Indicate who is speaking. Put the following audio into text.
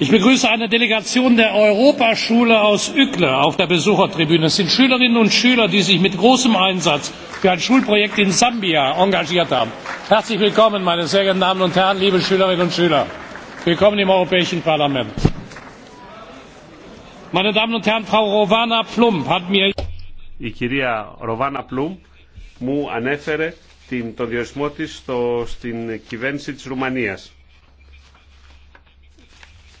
Speaker 1: Ich begrüße eine Delegation der Europaschule aus Ückle auf der Besuchertribüne. Es sind Schülerinnen und Schüler, die sich mit großem Einsatz für ein Schulprojekt in Sambia engagiert haben. Herzlich willkommen, meine sehr geehrten Damen und Herren, liebe Schülerinnen und Schüler. Willkommen im Europäischen Parlament. Meine Damen
Speaker 2: und Herren, Frau Rovana Plump hat mir... Η κυρία Ροβάνα Πλούμ μου ανέφερε τον διορισμό της στην κυβέρνηση